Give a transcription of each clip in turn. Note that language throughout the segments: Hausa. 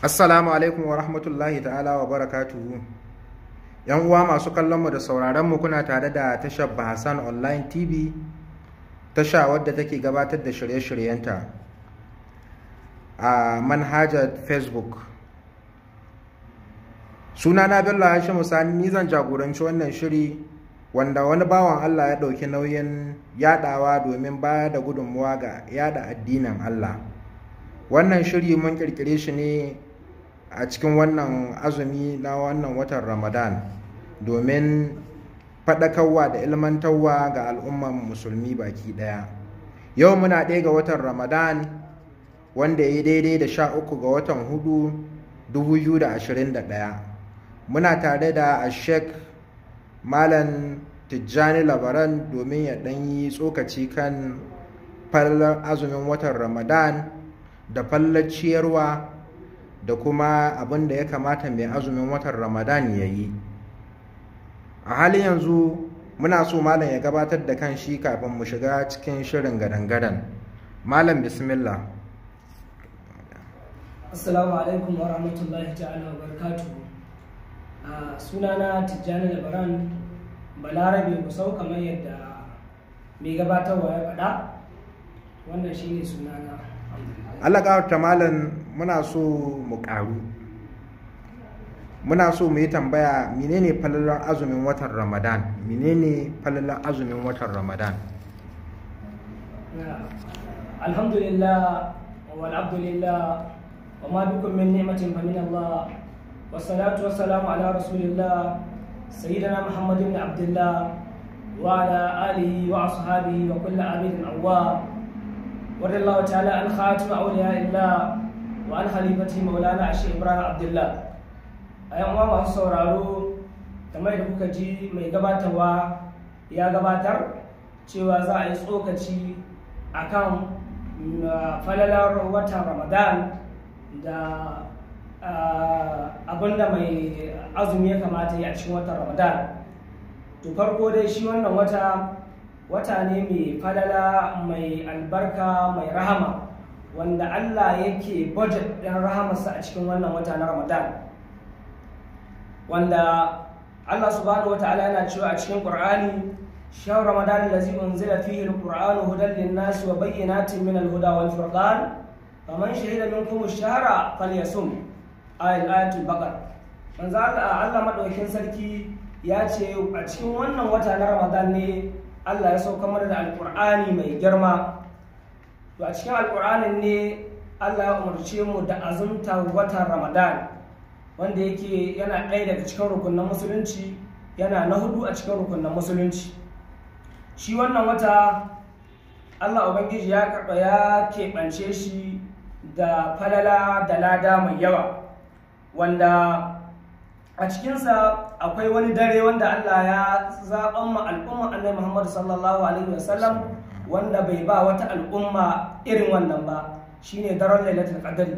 Assalamu alaikum wa rahmatullahi ta'ala wa barakatu. ‘Yan uwa masu kallonmu da sauraronmu kuna tare da tashar Bahasan Online TV, tasha wadda take gabatar da shirye-shiryenta a manhajar Facebook. Suna na Bello Hashimu Sani ni zan jagoranci wannan shiri wanda wani bawan Allah ya ɗauki nauyin yaɗawa domin ba da gudunmuwa ga yada addinin Allah. Wannan shiri mun kirkire shi ne a cikin wannan azumi na wannan watan ramadan domin faɗakarwa da ilmantarwa ga al'ummar musulmi baki ɗaya yau muna ɗaya ga watan ramadan wanda ya yi daidai da sha uku ga watan hudu ɗaya. muna tare da ashek malam tijjani labaran domin ya ɗan yi tsokaci kan fallar azumin watan ramadan da ciyarwa. da kuma abin da ya kamata mai azumin watan ramadan ya yi a halin yanzu muna so malam ya gabatar da kan shi kafin mu shiga cikin shirin gadan-gadan malam bismillah assalamu alaikum wa rahmatullahi ta'ala wa barkatu a sunana tijjani labaran balarabe musau kamar yadda mai gabatarwa ya faɗa wannan shine sunana Allah ka malam muna so mu ƙaru muna so mu yi tambaya menene falalar azumin watan ramadan menene falalar azumin watan ramadan alhamdulillah wal'abdulillah wa ma dukkan min ni'matin fa min Allah wa wassalamu ala rasulillah sayyidina muhammad ibn abdullah wa ala alihi wa ashabihi wa kulli abidin awwa wa radiyallahu ta'ala an khatima awliya illah wa an halifati maulana ashe ibrahim abdullah a yan masu sauraro kamar da kuka ji mai gabatarwa ya gabatar cewa za a yi tsokaci a kan ah, falalar wata ramadan da ah, abinda mai azumi ya kamata ya cikin watan ramadan to farko dai shi wannan wata wata ne mai falala mai albarka mai rahama wanda Allah yake budget ɗin rahamarsa a cikin wannan wata na Ramadan wanda Allah subhanahu wata'ala yana cewa a cikin Qur'ani shawar Ramadan allazi unzila fihi al-Qur'anu hudan lin-nasi wa bayyinatin min al-huda wal-furqan faman shahida minkum ash-shahra falyasum ayatul baqara manzo Allah madaukin sarki ya ce a cikin wannan wata na Ramadan ne Allah ya sauka mana da Alƙur'ani mai girma to a cikin alƙur'anin ne Allah ya umarce mu da azumta watan Ramadan wanda yake yana ɗaya daga cikin rukunin musulunci yana na hudu a cikin rukunin musulunci shi wannan wata Allah Ubangiji ya karɓa ya keɓance shi da falala da lada mai yawa wanda a cikinsa akwai wani dare wanda Allah ya zaɓan ma al'umma Annabi Muhammad sallallahu alaihi wasallam wanda bai ba wata al'umma irin wannan ba shine daren lailatul qadr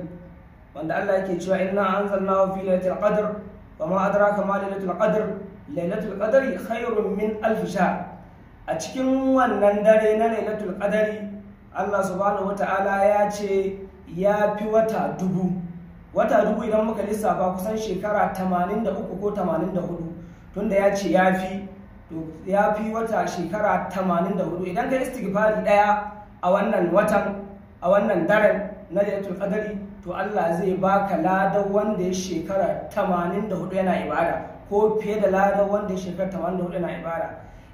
wanda Allah yake cewa inna anzalnahu fi lailatul qadr wa ma adraka ma lailatul qadr lailatul qadri khairun min alf shahr a cikin wannan dare na lailatul qadri Allah subhanahu wata'ala ya ce ya fi wata dubu wata dubu idan muka lissafa kusan shekara 83 ko 84 tunda ya ce ya fi ya fi wata shekara 84 idan ka yi istighfari daya a wannan watan a wannan daren na lailatul qadari to Allah zai baka ladan wanda ya shekara 84 yana ibada ko fiye da ladan wanda ya shekara 84 yana ibada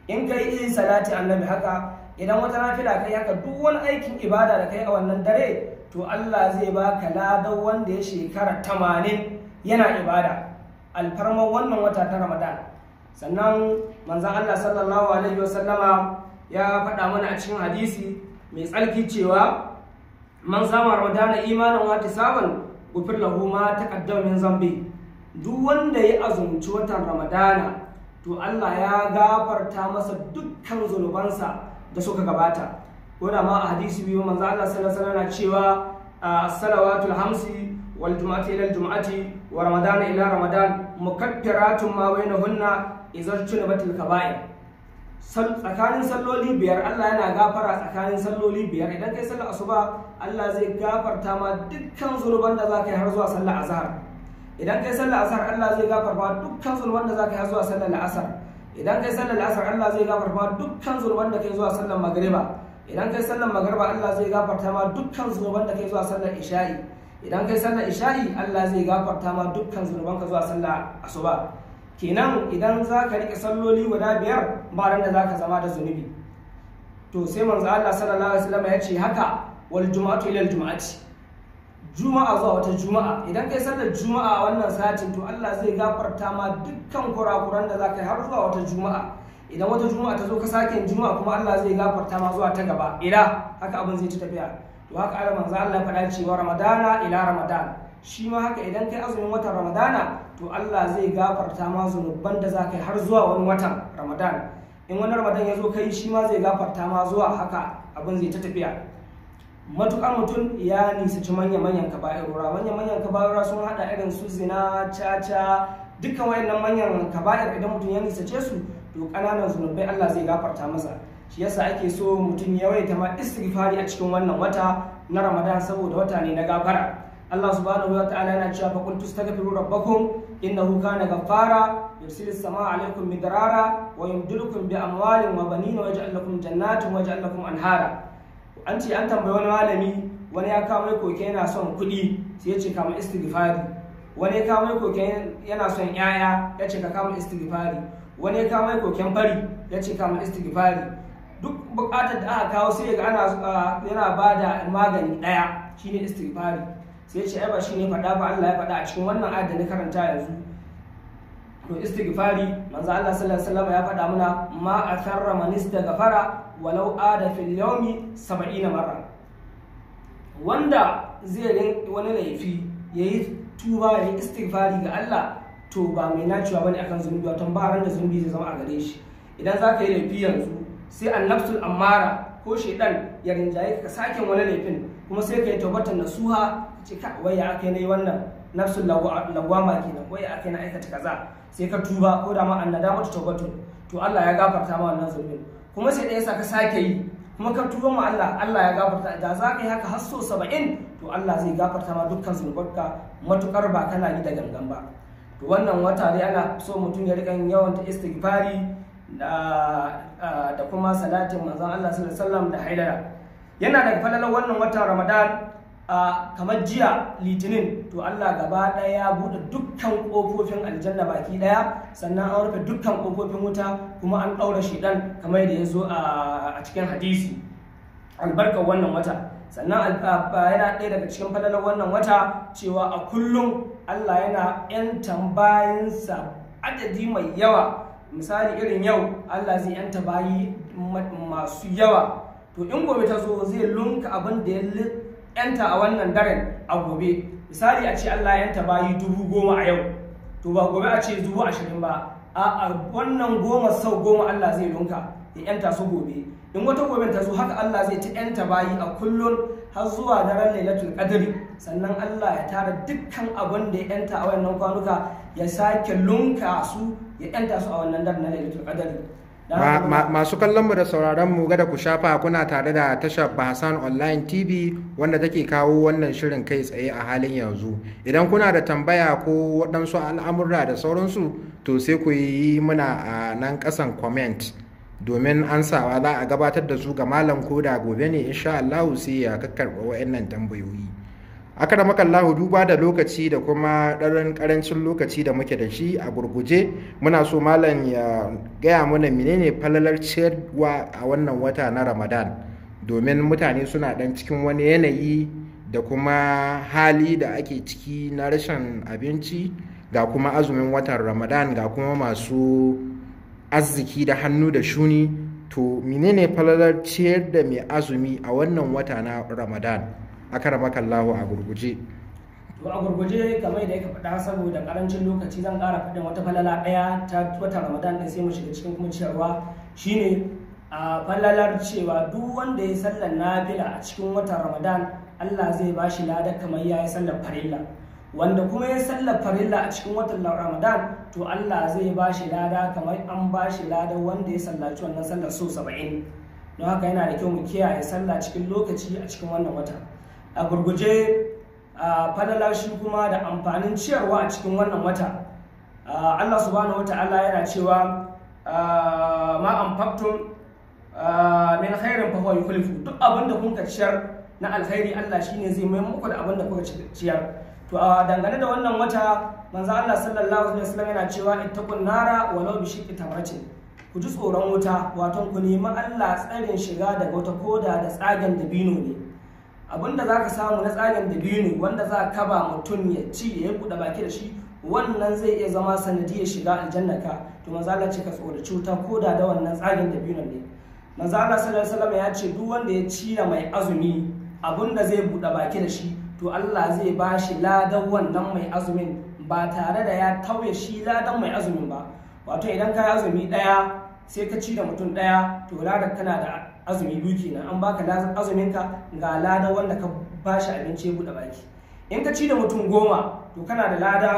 in kai yi salati annabi haka idan wata nafila kai haka duk wani aikin ibada da kai a wannan dare to Allah zai baka ladan wanda ya shekara 80 yana ibada alfarman wannan wata ta Ramadan sannan manzon Allah sallallahu alaihi wasallama ya faɗa mana a cikin hadisi mai tsarki cewa man sama ramadana imanin wata saban gufir lahu ma ƙaddam min zambi duk wanda ya azumci watan ramadana to Allah ya gafarta masa dukkan zunubansa da suka gabata wanda ma a hadisi biyu manzo Allah sallallahu alaihi wasallam cewa as-salawatul hamsi wal jum'ati ila al-jum'ati wa ramadana ila ramadan mukaffiratun ma bainahunna izar tunabatul kaba'ir tsakanin salloli biyar Allah yana gafara tsakanin salloli biyar idan kai sallar asuba Allah zai gafarta ma dukkan zurban da zaka yi har zuwa sallar azhar idan kai sallar azhar Allah zai gafarta dukkan zurban da zaka yi har zuwa sallar asar idan kai sallar asar Allah zai gafarta dukkan zurban da kai zuwa sallar magriba idan kai sallar magriba Allah zai gafarta ma dukkan zurban da kai zuwa sallar isha'i idan kai sallar isha'i Allah zai gafarta ma dukkan ka zuwa sallar asuba kenan idan za ka riƙe salloli guda biyar ba ran da za ka zama da zunubi to sai manzo Allah sallallahu alaihi wasallam ya ce haka wal juma'atu ila juma'ati juma'a zuwa wata juma'a idan kai sallar juma'a a wannan satin to Allah zai gafarta ma dukkan kurakuran da za ka yi har zuwa wata juma'a idan wata juma'a ta zo ka sake juma'a kuma Allah zai gafarta ma zuwa ta gaba ila haka abin zai ci tafiya to haka Allah manzo Allah faɗa cewa ramadana ila ramadana shi ma haka idan kai azumin watan ramadana to allah zai gafarta ma zunuban da za ka yi har zuwa wani watan ramadan in wani ramadan ya zo kai shi ma zai gafarta ma zuwa haka abin zai ta tafiya matuƙar mutum ya nisaci ci manyan kaba'irura manyan manyan kaba'irura sun haɗa irin su zina caca dukkan wayannan manyan kaba'ir idan mutum ya nisace su to ƙananan zunubai allah zai gafarta masa shi yasa ake so mutum ya yawaita ma istighfari a cikin wannan wata na ramadan saboda wata ne na gafara Allah subhanahu wa ta'ala yana cewa fa kuntu astaghfiru rabbakum innahu kana ghaffara yursilu as-samaa 'alaykum midrara wa yumdidukum bi amwalin wa banin wa yaj'al lakum jannatin wa yaj'al lakum anhara an ce an tambayi wani malami wani ya kawo koke yana son kuɗi sai ya ce kama istighfari wani ya kawo koke yana son yaya ya ce ka kama istighfari wani ya kawo koken fari ya ce kama istighfari duk bukatar da aka kawo sai ga ana yana bada magani daya shine istighfari sai ce ai ba shi ne faɗa ba Allah ya faɗa a cikin wannan ayat da na karanta yanzu to istighfari manzo Allah sallallahu alaihi wasallam ya faɗa muna ma atharra man istaghfara walau ada fil yawmi 70 marra wanda zai wani laifi yayi tuba yayi istighfari ga Allah to ba mai nacewa bane akan zunubi wato ba ran da zunubi zai zama a gare shi idan zaka yi laifi yanzu sai annafsul ammara ko shaidan ya rinjaye ka sake wani laifin kuma sai ka yi suha nasuha ce ka waya aka yi wannan nafsul lawama kenan waya aka yi na aikata kaza sai ka tuba ko da ma annadama ta tawbatun to Allah ya gafarta ma wannan zulmin kuma sai ɗaya sa ka sake yi kuma ka tuba ma Allah Allah ya gafarta da za ka yi haka har so sabain to Allah zai gafarta ma dukkan zunubarka matukar ba kana yi da gangan ba to wannan wata dai ana so mutum ya riƙa yawan ta istighfari da kuma salatin manzon Allah sallallahu da haidara yana da falalar wannan watan Ramadan kamar jiya litinin to Allah gaba ɗaya ya buɗe dukkan ƙofofin aljanna baki ɗaya sannan an rufe dukkan kofofin wuta kuma an ɗaura dan kamar da ya zo a cikin hadisi albarkar wannan wata sannan yana ɗaya daga cikin falalar wannan wata cewa a kullum Allah yana 'yan tambayinsa adadi mai yawa misali irin yau Allah zai yanta bayi masu yawa to in gobe ta zo zai lunka abin da ya yanta a wannan daren a gobe misali a ce Allah yanta bayi dubu goma a yau to ba gobe a ce dubu ashirin ba a wannan goma sau goma Allah zai lunka ya yanta su gobe in wata gobe ta zo haka Allah zai ta yanta bayi a kullum har zuwa daren lailatul qadri sannan Allah ya tara dukkan abin da ya yanta a wannan kwanuka ya sake lunka su masu kallon mu da sauraron mu gada ku shafa kuna tare da tashar Bahasan Online TV wanda take kawo wannan shirin kai tsaye a halin yanzu idan kuna da tambaya ko waɗansu al'amurra da sauransu to sai ku yi muna a nan ƙasan comment domin ansawa za a gabatar da su ga malam ko da gobe ne insha Allah sai ya kakkarɓa waɗannan tambayoyi akada Allahu duba da lokaci da kuma ɗaran ƙarancin lokaci da muke da shi a gurguje muna so malam ya gaya mana menene falalar ciyarwa a wannan wata na ramadan domin mutane suna ɗan cikin wani yanayi da kuma hali da ake ciki na rashin abinci ga kuma azumin watan ramadan ga kuma masu arziki da hannu da shuni to menene falalar ciyar da mai azumi a wannan wata na ramadan lahu a gurguje to a gurguje kamar da yake faɗa saboda karancin lokaci zan ƙara faɗin wata falala ɗaya ta wata ramadan ɗin sai mu shiga cikin kuma shi shine a falalar cewa duk wanda ya sallar nafila a cikin watan ramadan allah zai ba shi lada kamar ya yi sallar farilla wanda kuma ya sallar farilla a cikin watan ramadan to allah zai ba shi lada kamar an ba shi lada wanda ya sallaci wannan sallar so saba'in don haka yana da kyau mu kiyaye sallah cikin lokaci a cikin wannan watan a gurguje falala kuma da amfanin ciyarwa a cikin wannan wata Allah subhanahu wata'ala yana cewa ma faktun min khairin fa yi yukhlifu duk abinda kuka ciyar na alkhairi Allah shi ne zai mai muku da abinda kuka ciyar to a dangane da wannan wata manzo Allah sallallahu alaihi wasallam yana cewa ittaqun nara walau bi shiqqi tamratin ku ji tsoron wuta wato ku nemi Allah tsarin shiga daga wata koda da tsagen dabino ne abinda za ka samu na tsarin dabini wanda za ka ba mutum ya ci ya yi buɗe baki da shi wannan zai iya zama sanadiyar shiga aljanna ka to manzo Allah ce ka tsoro cuta ko da da wannan tsarin dabini ne manzo Allah sallallahu alaihi ya ce duk wanda ya ci mai azumi abinda zai buɗe baki da shi to Allah zai ba shi ladan wannan mai azumin ba tare da ya tauye shi ladan mai azumin ba wato idan ka yi azumi ɗaya sai ka ci da mutum ɗaya to ladan tana da azumi biyu kenan an baka azumin ka ga lada wanda ka bashi abinci ya buɗe baki in ka ci da mutum goma to kana da lada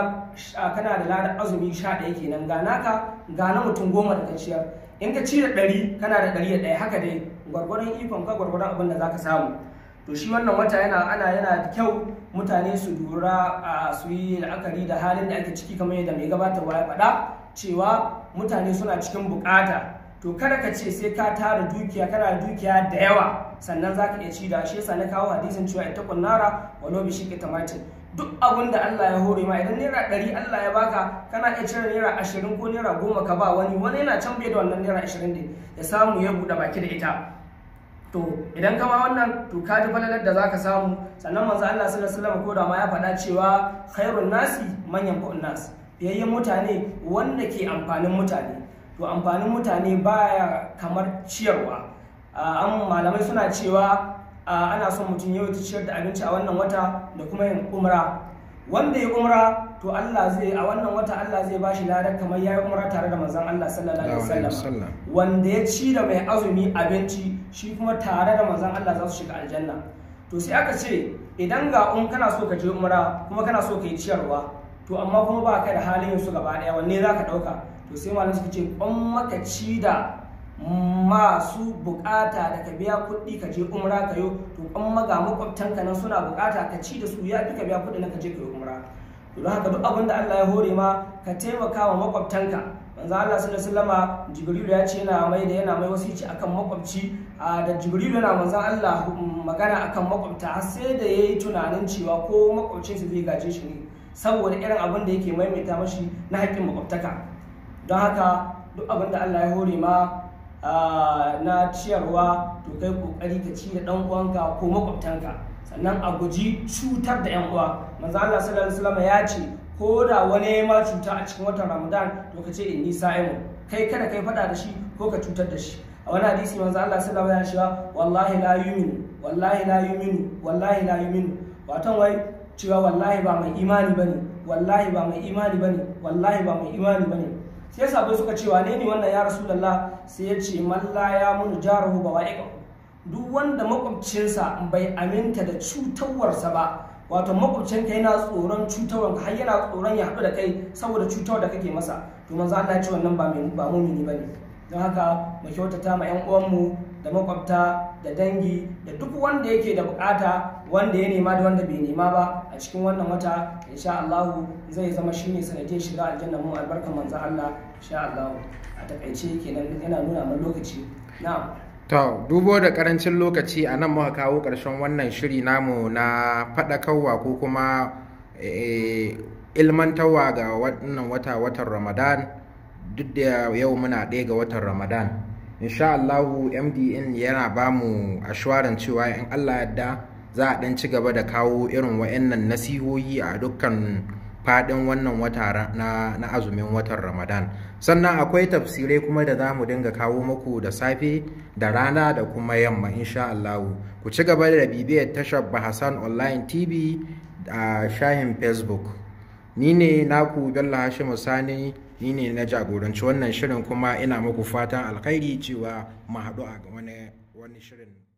kana da lada azumi sha ɗaya kenan ga naka ga na mutum goma da ciyar. in ka ci da ɗari kana da ɗari da ɗaya haka dai gwargwaron ikon ka gwargwaron abin da zaka samu to shi wannan wata yana ana yana da kyau mutane su lura a su yi la'akari da halin da ake ciki kamar yadda mai gabatarwa ya faɗa cewa mutane suna cikin bukata to kada ka ce sai ka tara dukiya kana da dukiya da yawa sannan zaka iya ci da shi yasa na kawo hadisin cewa ita kunnara walau bi shiqi tamatin duk abun da Allah ya hore ma idan naira ɗari Allah ya baka kana iya cire naira ashirin ko naira goma ka ba wani wani yana can bai da wannan naira ashirin ne ya samu ya buɗe baki da ita to idan kama wannan to ka ji falalar da zaka samu sannan manzo Allah sallallahu alaihi wasallam ko da ma ya faɗa cewa khairun nasi manyan ba'un nas yayin mutane wanda ke amfanin mutane to amfanin mutane baya kamar ciyarwa an malamai suna cewa ana son mutum yau ta ciyar da abinci a wannan wata da kuma yin umra wanda ya umra to Allah zai a wannan wata Allah zai bashi ladar kamar yayi umra tare da manzon Allah sallallahu alaihi wasallam wanda ya ci da mai azumi abinci shi kuma tare da manzon Allah za su shiga aljanna to sai aka ce idan ga un kana so ka je umra kuma kana so ka yi ciyarwa to amma kuma ba ka da halin yin su gaba daya wanne za ka dauka to sai malam suka ce kwan makaci da masu bukata da ka biya kuɗi ka je umra ka yo to kwan maga makwabtanka nan suna bukata ka ci da su ya fi ka biya kuɗi nan ka je ka yi umra to don haka duk abin da Allah ya hore ma ka taimaka wa makwabtanka manzo Allah sallallahu alaihi wasallama Jibrilu ya ce yana mai da yana mai wasici akan makwabci da Jibrilu yana manzo Allah magana akan makwabta har sai da yayi tunanin cewa ko makwabcinsa zai gaje shi ne saboda irin abin da yake maimaita mashi na haƙƙin makwabtaka don haka duk abin da Allah ya hore ma na ciyarwa to kai kokari ka ci da dan uwanka ko makwabtanka sannan a guji cutar da yan uwa manzo Allah sallallahu alaihi wasallam ya ce ko da wani ya ma cuta a cikin watan Ramadan to ka ce inni sa'imu kai kada kai fada da shi ko ka cutar da shi a wani hadisi manzo Allah sallallahu alaihi wasallam ya ce wallahi la yuminu wallahi la yuminu wallahi la yuminu watan wai cewa wallahi ba mai imani bane wallahi ba mai imani bane wallahi ba mai imani bane sai sabai suka ce wane ne wannan ya rasulullah sai ya ce malla ya mun jaruhu bawa'iqa duk wanda makwabcinsa bai aminta da cutawarsa ba wato makwabcinka yana tsoron cutawar har yana tsoron ya haɗu da kai saboda cutawar da kake masa to manzo Allah ya ce wannan ba mai ba ne. bane don haka mu kyautata ma ƴan uwanmu da makwabta da dangi da duk wanda yake da bukata wanda ya nema da wanda bai nema ba a cikin wannan wata insha Allah zai zama shine sanadin shiga aljanna mu albarkan manzo Allah insha Allah a takaice kenan yana nuna mun lokaci na'am to dubo da karancin lokaci a nan muka kawo karshen wannan shiri namu na faɗakarwa ko kuma eh, ilmantarwa ga wannan wata watan Ramadan duk da yau muna ɗaya ga watan Ramadan insha Allahu MDN yana ba mu ashwaran cewa in Allah yadda za a ɗan ci gaba da kawo irin wa'annan nasihohi a dukkan faɗin wannan wata na, na azumin watan Ramadan sannan akwai tafsirai kuma da za mu dinga kawo muku da safe da rana da kuma yamma insha Allahu ku ci gaba da bibiyar tashar Bahasan Online TV a shahin Facebook ni ne naku Bello Hashimu Sani ni ne na jagoranci wannan shirin kuma ina muku fatan alkhairi cewa mu haɗu a wani shirin